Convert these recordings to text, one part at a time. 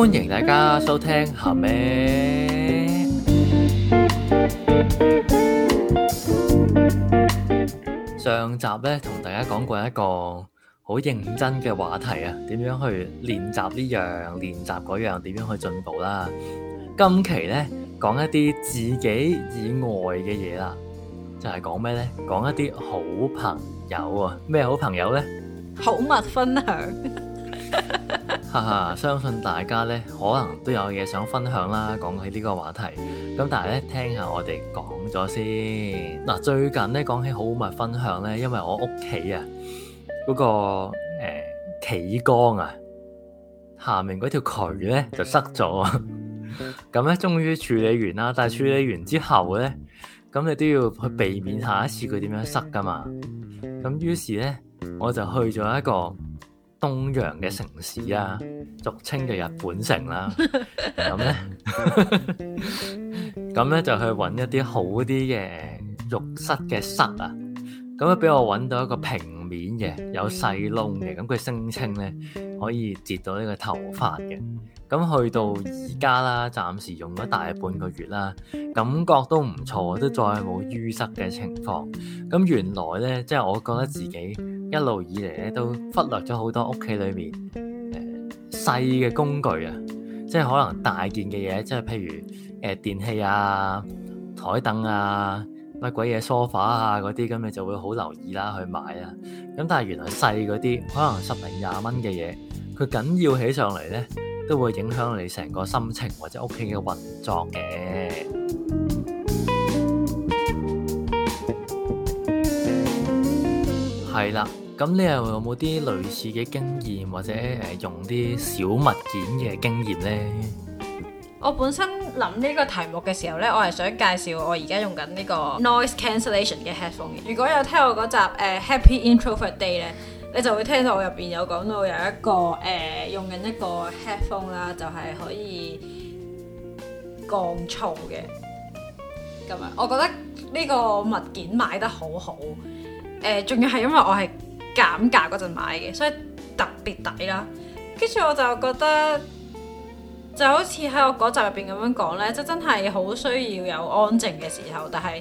歡迎大家收聽《咸咩》。上集咧同大家講過一個好認真嘅話題啊，點樣去練習呢樣、練習嗰樣，點樣去進步啦？今期咧講一啲自己以外嘅嘢啦，就係、是、講咩咧？講一啲好朋友啊？咩好朋友咧？好物分享、啊。 哈哈， 相信大家咧可能都有嘢想分享啦。講起呢個話題，咁但係咧聽下我哋講咗先。嗱，最近咧講起好物分享咧，因為我屋企啊嗰、嗰個誒，企、呃、缸啊，下面嗰條渠咧就塞咗，咁 咧終於處理完啦。但係處理完之後咧，咁你都要去避免下一次佢點樣塞噶嘛。咁於是咧，我就去咗一個。東洋嘅城市啊，俗稱嘅日本城啦，咁咧， 咁咧 就去揾一啲好啲嘅浴室嘅塞啊，咁咧俾我揾到一個平面嘅，有細窿嘅，咁佢聲稱咧可以截到呢個頭髮嘅，咁 去到而家啦，暫時用咗大半個月啦，感覺都唔錯，都再冇淤塞嘅情況，咁原來咧即係我覺得自己。一路以嚟咧，都忽略咗好多屋企裏面誒、呃、細嘅工具啊，即係可能大件嘅嘢，即係譬如誒、呃、電器啊、台凳啊、乜鬼嘢 sofa 啊嗰啲，咁你就會好留意啦去買啊。咁但係原來細嗰啲可能十零廿蚊嘅嘢，佢緊要起上嚟咧，都會影響你成個心情或者屋企嘅運作嘅。係啦，咁你又有冇啲類似嘅經驗或者誒、呃、用啲小物件嘅經驗呢？我本身諗呢個題目嘅時候呢，我係想介紹我而家用緊呢個 noise cancellation 嘅 headphone。嘅。如果有聽我嗰集誒、呃、Happy Intro For Day 呢，你就會聽到我入邊有講到有一個誒、呃、用緊一個 headphone 啦，就係、是、可以降噪嘅。咁啊，我覺得呢個物件買得好好。誒，仲要係因為我係減價嗰陣買嘅，所以特別抵啦。跟住我就覺得，就好似喺我嗰集入邊咁樣講呢，即真係好需要有安靜嘅時候，但係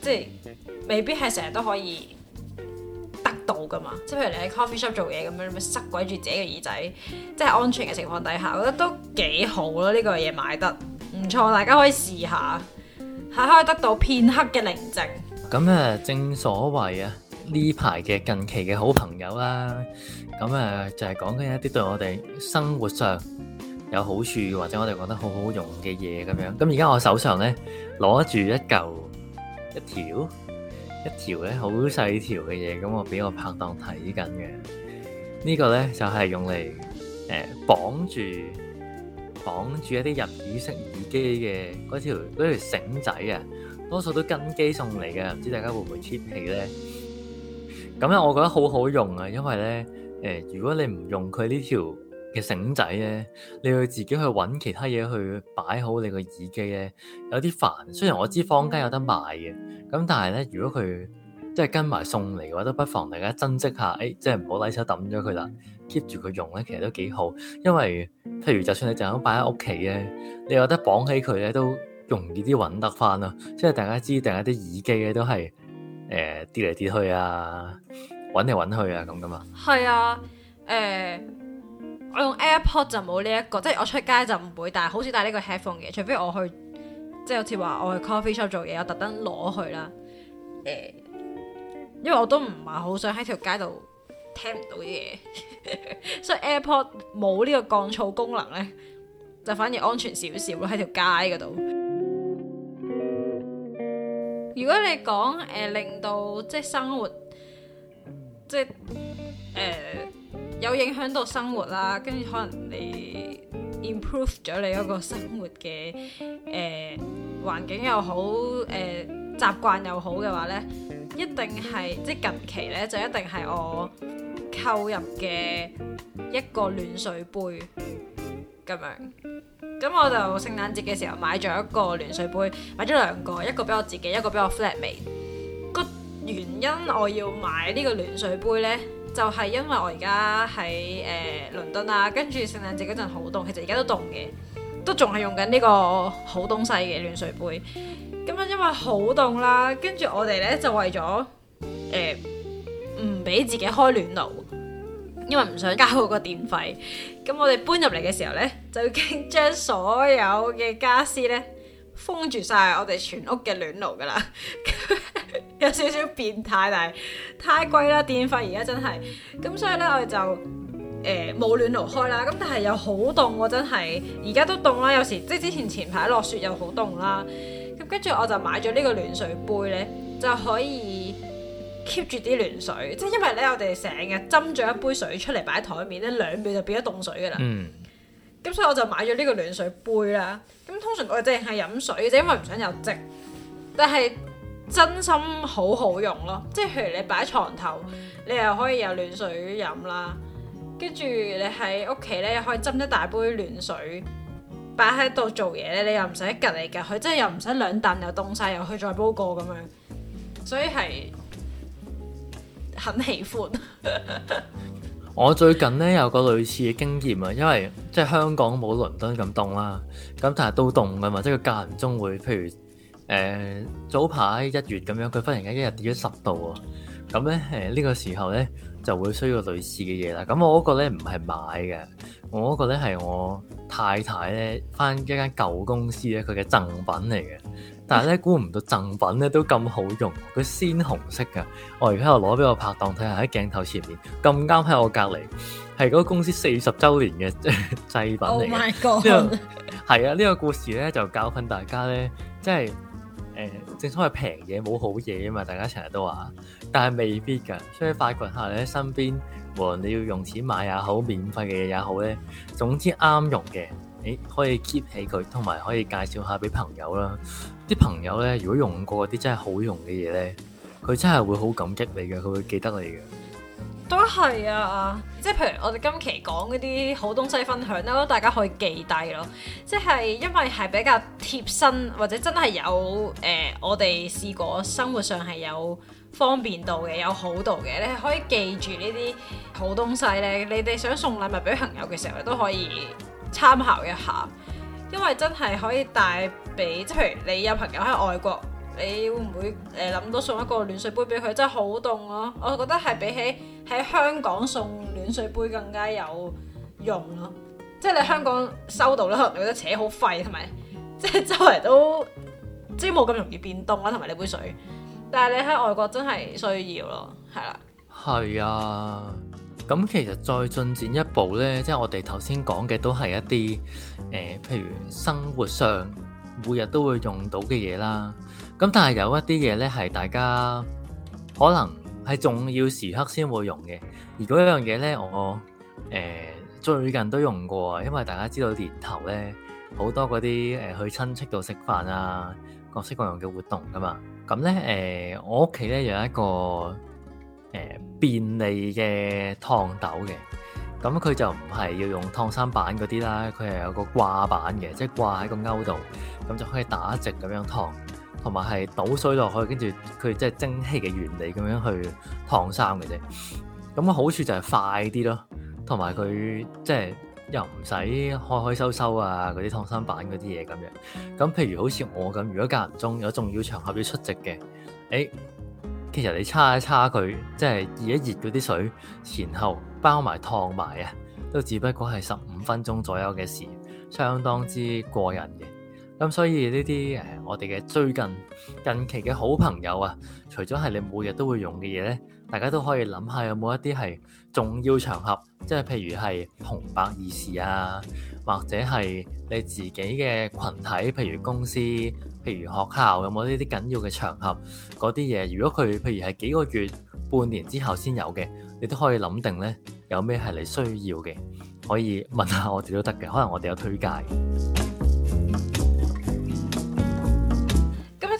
即係未必係成日都可以得到㗎嘛。即係譬如你喺 coffee shop 做嘢咁樣，塞鬼住自己嘅耳仔，即係安全嘅情況底下，我覺得都幾好咯、啊。呢個嘢買得唔錯，大家可以試下，係可以得到片刻嘅寧靜。咁誒，正所謂啊，呢排嘅近期嘅好朋友啦，咁誒就係講緊一啲對我哋生活上有好處，或者我哋覺得好好用嘅嘢咁樣。咁而家我手上咧攞住一嚿一條一條咧好細條嘅嘢，咁我俾我拍檔睇緊嘅。這個、呢個咧就係、是、用嚟誒、呃、綁住綁住一啲入耳式耳機嘅嗰條嗰條繩仔啊！多數都跟機送嚟嘅，唔知大家會唔會 cheap 起咧？咁咧，我覺得好好用啊，因為咧，誒、呃，如果你唔用佢呢條嘅繩仔咧，你要自己去揾其他嘢去擺好你個耳機咧，有啲煩。雖然我知坊間有得賣嘅，咁但係咧，如果佢即係跟埋送嚟嘅話，都不妨大家珍惜下，誒、哎，即係唔好抵手抌咗佢啦，keep 住佢用咧，其實都幾好。因為譬如就算你就咁擺喺屋企咧，你有得綁起佢咧都。容易啲揾得翻咯，即係大家知，定係啲耳機嘅都係誒跌嚟跌去啊，揾嚟揾去啊咁噶嘛。係啊，誒、呃，我用 AirPod 就冇呢一個，即係我出街就唔會帶，但好似帶呢個 headphone 嘅，除非我去即係好似話我去 coffee shop 做嘢，我特登攞去啦。誒、呃，因為我都唔係好想喺條街度聽唔到嘢， 所以 AirPod 冇呢個降噪功能咧，就反而安全少少咯喺條街嗰度。如果你講誒、呃、令到即係生活，即係誒、呃、有影響到生活啦，跟住可能你 improve 咗你個生活嘅誒環境又好誒習慣又好嘅話咧，一定係即係近期咧，就一定係我購入嘅一個暖水杯。咁樣，咁我就聖誕節嘅時候買咗一個暖水杯，買咗兩個，一個俾我自己，一個俾我 flatmate。個原因我要買呢個暖水杯呢，就係因為我而家喺誒倫敦啦，跟住聖誕節嗰陣好凍，其實而家都凍嘅，都仲係用緊呢個好東西嘅暖水杯。咁樣，因為好凍啦，跟住我哋呢就為咗唔俾自己開暖爐，因為唔想交嗰個電費。咁我哋搬入嚟嘅時候呢，就已經將所有嘅家私呢，封住晒我哋全屋嘅暖爐噶啦， 有少少變態，但係太貴啦，電費而家真係，咁所以呢，我哋就呃、冇暖爐開啦，咁但係又好凍喎，真係，而家都凍啦，有時即係之前前排落雪又好凍啦，咁跟住我就買咗呢個暖水杯呢，就可以。keep 住啲暖水，即係因為咧，我哋成日斟咗一杯水出嚟擺喺台面咧，兩秒就變咗凍水噶啦。咁所以我就買咗呢個暖水杯啦。咁通常我哋淨係飲水，就因為唔想有積。但係真心好好用咯，即係譬如你擺喺床頭，你又可以有暖水飲啦。跟住你喺屋企咧，可以斟一大杯暖水擺喺度做嘢咧，你又唔使隔嚟隔去，即係又唔使兩啖又凍晒，又去再煲過咁樣。所以係。很喜歡。 我最近咧有個類似嘅經驗啊，因為即係香港冇倫敦咁凍啦，咁但係都凍㗎嘛，即係間唔中會，譬如誒、呃、早排一月咁樣，佢忽然間一日跌咗十度啊，咁咧誒呢、呃呢個時候咧就會需要類似嘅嘢啦。咁我嗰個咧唔係買嘅，我嗰個咧係我太太咧返一間舊公司咧佢嘅贈品嚟嘅。但係咧，估唔到贈品咧都咁好用，佢鮮紅色噶，我而家又攞俾我拍檔睇下喺鏡頭前面，咁啱喺我隔離，係嗰個公司四十週年嘅 製品嚟。Oh my God！係啊，呢、 呢個故事咧就教訓大家咧，即係誒，正所謂平嘢冇好嘢啊嘛，大家成日都話，但係未必㗎，所以發掘下你身邊，無論你要用錢買也好，免費嘅嘢也好咧，總之啱用嘅。誒，可以 keep 起佢，同埋可以介紹下俾朋友啦。啲朋友咧，如果用過嗰啲真係好用嘅嘢咧，佢真係會好感激你嘅，佢會記得你嘅。都係啊，即係譬如我哋今期講嗰啲好東西分享啦，大家可以記低咯。即係因為係比較貼身，或者真係有誒、呃，我哋試過生活上係有方便到嘅，有好到嘅，你係可以記住呢啲好東西咧。你哋想送禮物俾朋友嘅時候，都可以。參考一下，因為真係可以帶俾，即係譬如你有朋友喺外國，你會唔會誒諗、呃、到送一個暖水杯俾佢？真係好凍咯，我覺得係比起喺香港送暖水杯更加有用咯、啊。即係你香港收到啦，可能你覺得扯好廢，同埋即係周圍都即係冇咁容易變凍啦、啊，同埋你杯水，但係你喺外國真係需要咯，係啦。係啊。咁其實再進展一步呢，即係我哋頭先講嘅都係一啲誒，譬如生活上每日都會用到嘅嘢啦。咁但係有一啲嘢呢，係大家可能係重要時刻先會用嘅。如果一樣嘢呢，我誒最近都用過，因為大家知道年頭呢，好多嗰啲誒去親戚度食飯啊，各式各樣嘅活動㗎嘛。咁呢，誒，我屋企呢，有一個。誒，便利嘅燙斗嘅，咁佢就唔係要用燙衫板嗰啲啦，佢係有個掛板嘅，即係掛喺個勾度，咁就可以打直咁樣燙，同埋係倒水落去，跟住佢即係蒸汽嘅原理咁樣去燙衫嘅啫。咁好處就係快啲咯，同埋佢即係又唔使開開收收啊，嗰啲燙衫板嗰啲嘢咁樣。咁譬如好似我咁，如果間唔中有重要場合要出席嘅，誒。其實你叉一叉佢，即係熱一熱啲水，前後包埋燙埋啊，都只不過係十五分鐘左右嘅事，相當之過癮嘅。咁、嗯、所以呢啲誒，我哋嘅最近近期嘅好朋友啊，除咗係你每日都會用嘅嘢呢，大家都可以諗下有冇一啲係重要場合，即係譬如係紅白二事啊，或者係你自己嘅群體，譬如公司、譬如學校，有冇呢啲緊要嘅場合？嗰啲嘢，如果佢譬如係幾個月、半年之後先有嘅，你都可以諗定呢，有咩係你需要嘅，可以問下我哋都得嘅，可能我哋有推介。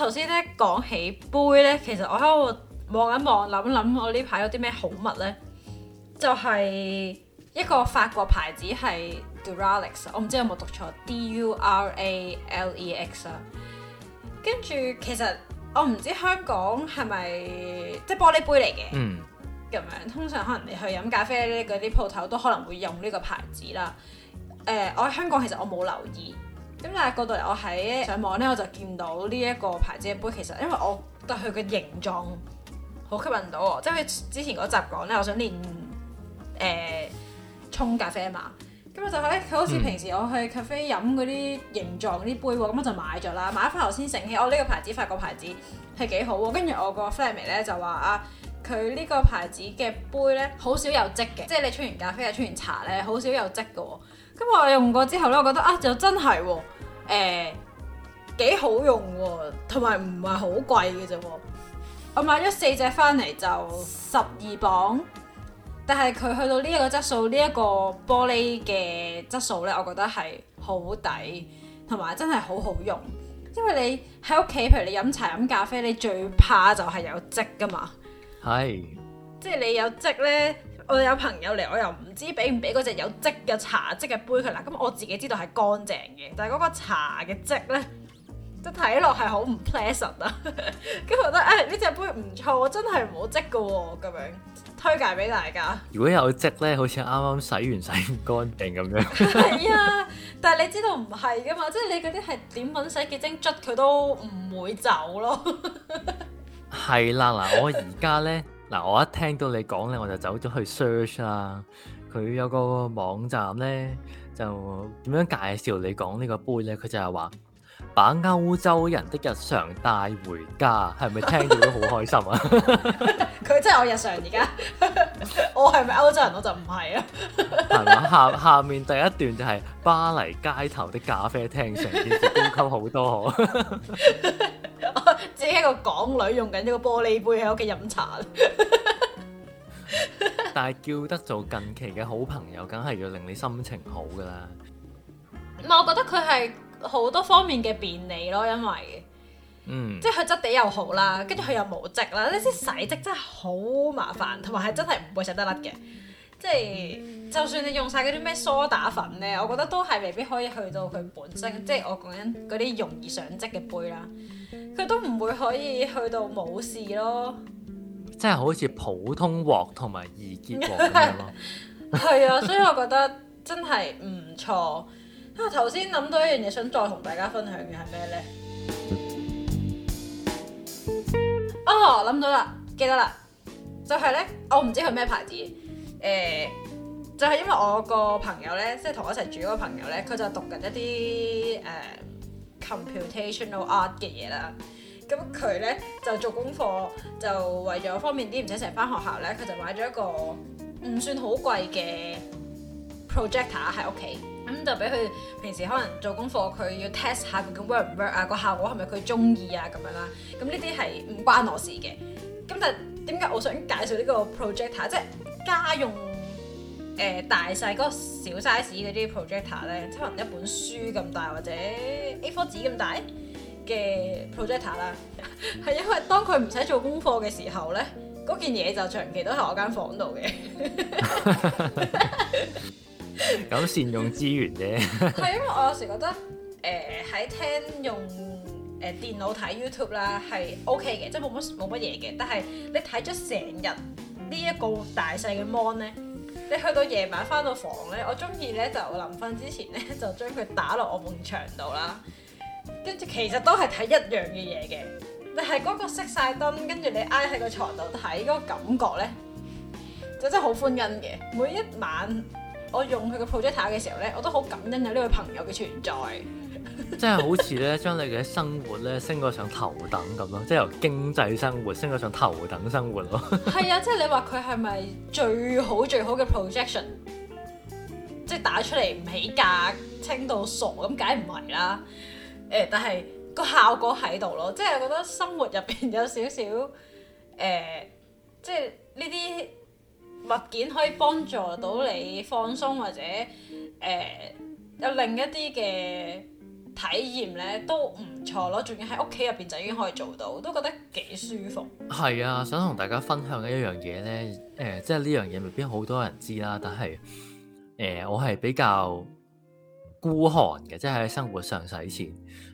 頭先咧講起杯咧，其實我喺度望一望，諗諗我呢排有啲咩好物咧，就係、是、一個法國牌子係 Duralex，我唔知有冇讀錯 DURALEX 啊。跟住其實我唔知香港係咪即玻璃杯嚟嘅？嗯，咁樣通常可能你去飲咖啡咧嗰啲鋪頭都可能會用呢個牌子啦。誒、呃，我喺香港其實我冇留意。咁但係過到嚟，我喺上網咧，我就見到呢一個牌子嘅杯，其實因為我對佢嘅形狀好吸引到我，即係之前嗰集講咧，我想練誒、呃、沖咖啡嘛，咁我就喺佢、欸、好似平時我去咖啡，咖啡飲嗰啲形狀啲杯喎，咁、嗯、我就買咗啦，買翻頭先醒起，我、哦、呢、這個牌子發、啊、個牌子係幾好喎，跟住我個 family 咧就話啊，佢呢個牌子嘅杯咧好少有漬嘅，即係你沖完咖啡又沖完茶咧，好少有漬㗎。因為我用過之後咧，我覺得啊，就真係誒幾好用，同埋唔係好貴嘅啫。我買咗四隻翻嚟就十二磅，但係佢去到呢一個質素，呢、這、一個玻璃嘅質素咧，我覺得係好抵，同埋真係好好用。因為你喺屋企，譬如你飲茶、飲咖啡，你最怕就係有漬噶嘛，係，Hi. 即係你有漬咧。我有朋友嚟，我又唔知俾唔俾嗰隻有漬嘅茶漬嘅杯佢啦。咁我自己知道係乾淨嘅，但係嗰個茶嘅漬呢，都睇落係好唔 pleasant 啊。咁 覺得誒呢、哎、隻杯唔錯，真係冇漬嘅喎，咁樣推介俾大家。如果有漬呢，好似啱啱洗完洗唔乾淨咁樣。係 啊，但係你知道唔係㗎嘛，即係你嗰啲係點揾洗潔精捽佢都唔會走咯。係 啦，嗱，我而家呢。 嗱，我一聽到你講咧，我就走咗去 search 啦。佢有個網站咧，就點樣介紹你講呢個杯咧？佢就係話，把歐洲人的日常帶回家，係咪聽到都好開心啊？佢 真係我日常而家，我係咪歐洲人？我就唔係啊。係 下下面第一段就係巴黎街頭的咖啡廳上，成件事高級好多呵。 自己一個港女用緊呢個玻璃杯喺屋企飲茶 但係叫得做今期嘅好朋友，梗係要令你心情好噶啦。唔係，我覺得佢係好多方面嘅便利咯，因為，嗯，即係佢質地又好啦，跟住佢又冇漬啦，呢啲洗漬真係好麻煩，同埋係真係唔會洗得甩嘅，即係就算你用晒嗰啲咩梳打粉呢，我覺得都係未必可以去到佢本身，即係我講緊嗰啲容易上漬嘅杯啦。佢都唔會可以去到冇事咯，即係好似普通鑊同埋易結鑊咁樣咯。係啊，所以我覺得真係唔錯。啊，頭先諗到一樣嘢，想再同大家分享嘅係咩呢？哦，諗到啦，記得啦，就係、是、呢，我唔知佢咩牌子，誒、呃，就係、是、因為我個朋友呢，即係同我一齊住嗰個朋友呢，佢就讀緊一啲誒。呃 computational art 嘅嘢啦，咁佢咧就做功課，就為咗方便啲，唔使成日翻學校，咧佢就買咗一個唔算好貴嘅 projector 喺屋企，咁就俾佢平時可能做功課，佢要 test 下佢嘅 work 唔 work 啊，個效果係咪佢中意啊咁樣啦。咁呢啲係唔關我事嘅。咁但係點解我想介紹呢個 projector，即係家用？誒、呃、大細嗰小 size 嗰啲 projector 咧，差唔多一本書咁大或者 A4 紙咁大嘅 projector 啦，係 因為當佢唔使做功課嘅時候咧，嗰件嘢就長期都喺我間房度嘅。咁善用資源啫。係因為我有時覺得誒喺、呃、廳用誒電腦睇 YouTube 啦係 OK 嘅，即係冇乜冇乜嘢嘅。但係你睇咗成日呢一個大細嘅 mon 咧。你去到夜晚翻到房咧，我中意咧就臨瞓之前咧就將佢打落我埲牆度啦。跟住其實都係睇一樣嘅嘢嘅，你係嗰個熄晒燈，跟住你挨喺個牀度睇嗰個感覺咧，就真係好歡欣嘅。每一晚我用佢嘅 projector 嘅時候咧，我都好感恩有呢位朋友嘅存在。 即係好似咧，將你嘅生活咧升過上頭等咁咯，即係由經濟生活升過上頭等生活咯。係 啊， 即係你話佢係咪最好最好嘅 projection，即係打出嚟唔起價，清到傻咁，梗唔係啦。誒，但係個效果喺度咯，即、就、係、是、覺得生活入邊有少少誒，即係呢啲物件可以幫助到你放鬆或者誒、呃，有另一啲嘅。體驗咧都唔錯咯，仲要喺屋企入邊就已經可以做到，都覺得幾舒服。係啊，想同大家分享嘅一樣嘢咧，誒、呃，即係呢樣嘢未必好多人知啦，但係誒、呃，我係比較孤寒嘅，即係喺生活上使錢。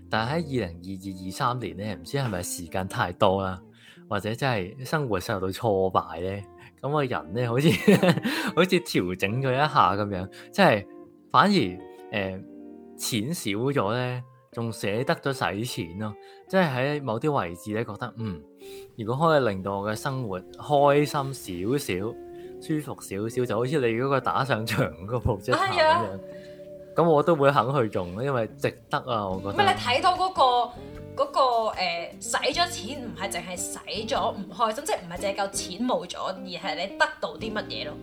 但係喺二零二二二三年咧，唔知係咪時間太多啦，或者真係生活受到挫敗咧，咁個人咧好似 好似調整咗一下咁樣，即係反而誒，呃錢少咗咧，仲捨得咗使錢咯、啊，即係喺某啲位置咧覺得，嗯，如果可以令到我嘅生活開心少少、舒服少少，就好似你嗰個打上場嗰個泡即咁樣，咁、啊、我都會肯去用，因為值得啊，我覺得。咪你睇到嗰、那個嗰使咗錢，唔係淨係使咗唔開心，即係唔係淨係夠錢冇咗，而係你得到啲乜嘢咯？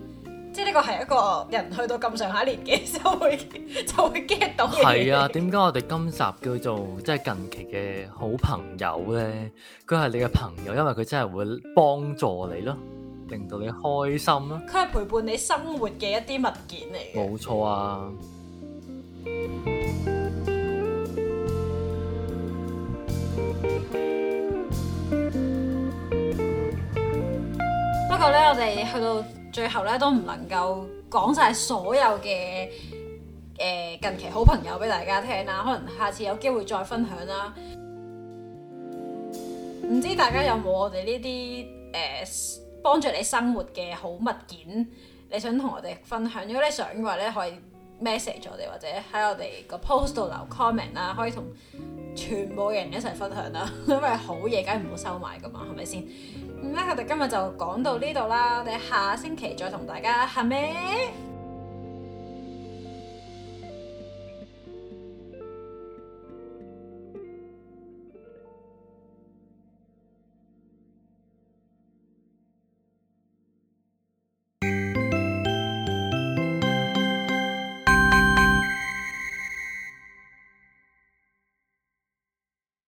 即係呢個係一個人去到咁上下年紀，就會 就會 get 到嘅。係啊，點解我哋今集叫做即係今期嘅好朋友咧？佢係你嘅朋友，因為佢真係會幫助你咯，令到你開心咯。佢係陪伴你生活嘅一啲物件嚟。冇錯啊。不過咧，我哋去到，最後咧都唔能夠講晒所有嘅誒、呃、近期好朋友俾大家聽啦、啊，可能下次有機會再分享啦、啊。唔知大家有冇我哋呢啲誒幫助你生活嘅好物件，你想同我哋分享？如果你想嘅話咧，可以 message 我哋或者喺我哋個 post 度留 comment 啦、啊，可以同全部人一齊分享啦、啊， 因為好嘢梗係唔好收埋㗎嘛，係咪先？咁咧，我哋今日就講到呢度啦，我哋下星期再同大家，係咪？